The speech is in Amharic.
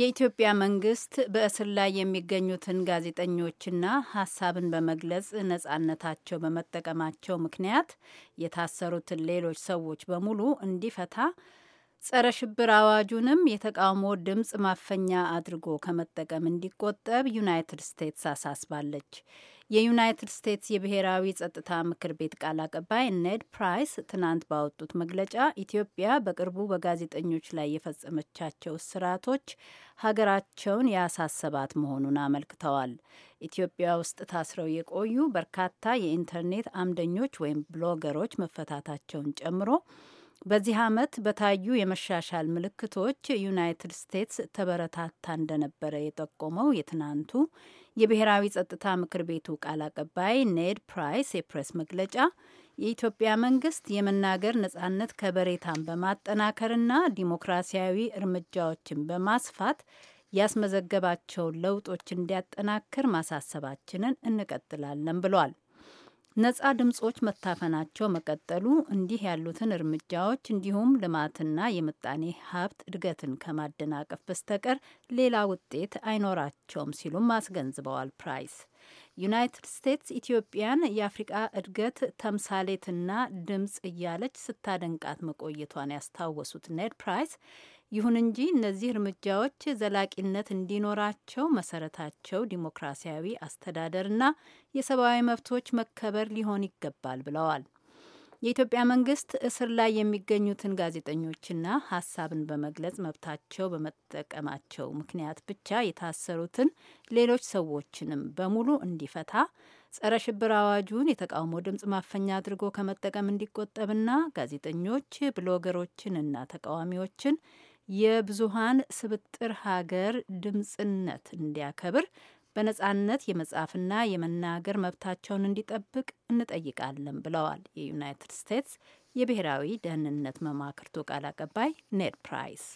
የኢትዮጵያ መንግስት በእስር ላይ የሚገኙትን ጋዜጠኞችና ሀሳብን በመግለጽ ነጻነታቸው በመጠቀማቸው ምክንያት የታሰሩትን ሌሎች ሰዎች በሙሉ እንዲፈታ ጸረ ሽብር አዋጁንም የተቃውሞ ድምፅ ማፈኛ አድርጎ ከመጠቀም እንዲቆጠብ ዩናይትድ ስቴትስ አሳስባለች። የዩናይትድ ስቴትስ የብሔራዊ ጸጥታ ምክር ቤት ቃል አቀባይ ኔድ ፕራይስ ትናንት ባወጡት መግለጫ ኢትዮጵያ በቅርቡ በጋዜጠኞች ላይ የፈጸመቻቸው ስርዓቶች ሀገራቸውን ያሳሰባት መሆኑን አመልክተዋል። ኢትዮጵያ ውስጥ ታስረው የቆዩ በርካታ የኢንተርኔት አምደኞች ወይም ብሎገሮች መፈታታቸውን ጨምሮ በዚህ ዓመት በታዩ የመሻሻል ምልክቶች ዩናይትድ ስቴትስ ተበረታታ እንደነበረ የጠቆመው የትናንቱ የብሔራዊ ጸጥታ ምክር ቤቱ ቃል አቀባይ ኔድ ፕራይስ የፕሬስ መግለጫ የኢትዮጵያ መንግስት የመናገር ነጻነት ከበሬታን በማጠናከርና ዲሞክራሲያዊ እርምጃዎችን በማስፋት ያስመዘገባቸውን ለውጦች እንዲያጠናክር ማሳሰባችንን እንቀጥላለን ብሏል። ነጻ ድምጾች መታፈናቸው መቀጠሉ እንዲህ ያሉትን እርምጃዎች እንዲሁም ልማትና የምጣኔ ሀብት እድገትን ከማደናቀፍ በስተቀር ሌላ ውጤት አይኖራቸውም ሲሉም አስገንዝበዋል ፕራይስ። ዩናይትድ ስቴትስ ኢትዮጵያን የአፍሪቃ እድገት ተምሳሌትና ድምፅ እያለች ስታደንቃት መቆየቷን ያስታወሱት ኔድ ፕራይስ ይሁን እንጂ እነዚህ እርምጃዎች ዘላቂነት እንዲኖራቸው መሰረታቸው ዲሞክራሲያዊ አስተዳደርና የሰብአዊ መብቶች መከበር ሊሆን ይገባል ብለዋል። የኢትዮጵያ መንግስት እስር ላይ የሚገኙትን ጋዜጠኞችና ሀሳብን በመግለጽ መብታቸው በመጠቀማቸው ምክንያት ብቻ የታሰሩትን ሌሎች ሰዎችንም በሙሉ እንዲፈታ ጸረ ሽብር አዋጁን የተቃውሞ ድምጽ ማፈኛ አድርጎ ከመጠቀም እንዲቆጠብና ጋዜጠኞች፣ ብሎገሮችንና ተቃዋሚዎችን የብዙሀን ስብጥር ሀገር ድምጽነት እንዲያከብር በነጻነት የመጻፍና የመናገር መብታቸውን እንዲጠብቅ እንጠይቃለን ብለዋል የዩናይትድ ስቴትስ የብሔራዊ ደህንነት መማክርቱ ቃል አቀባይ ኔድ ፕራይስ።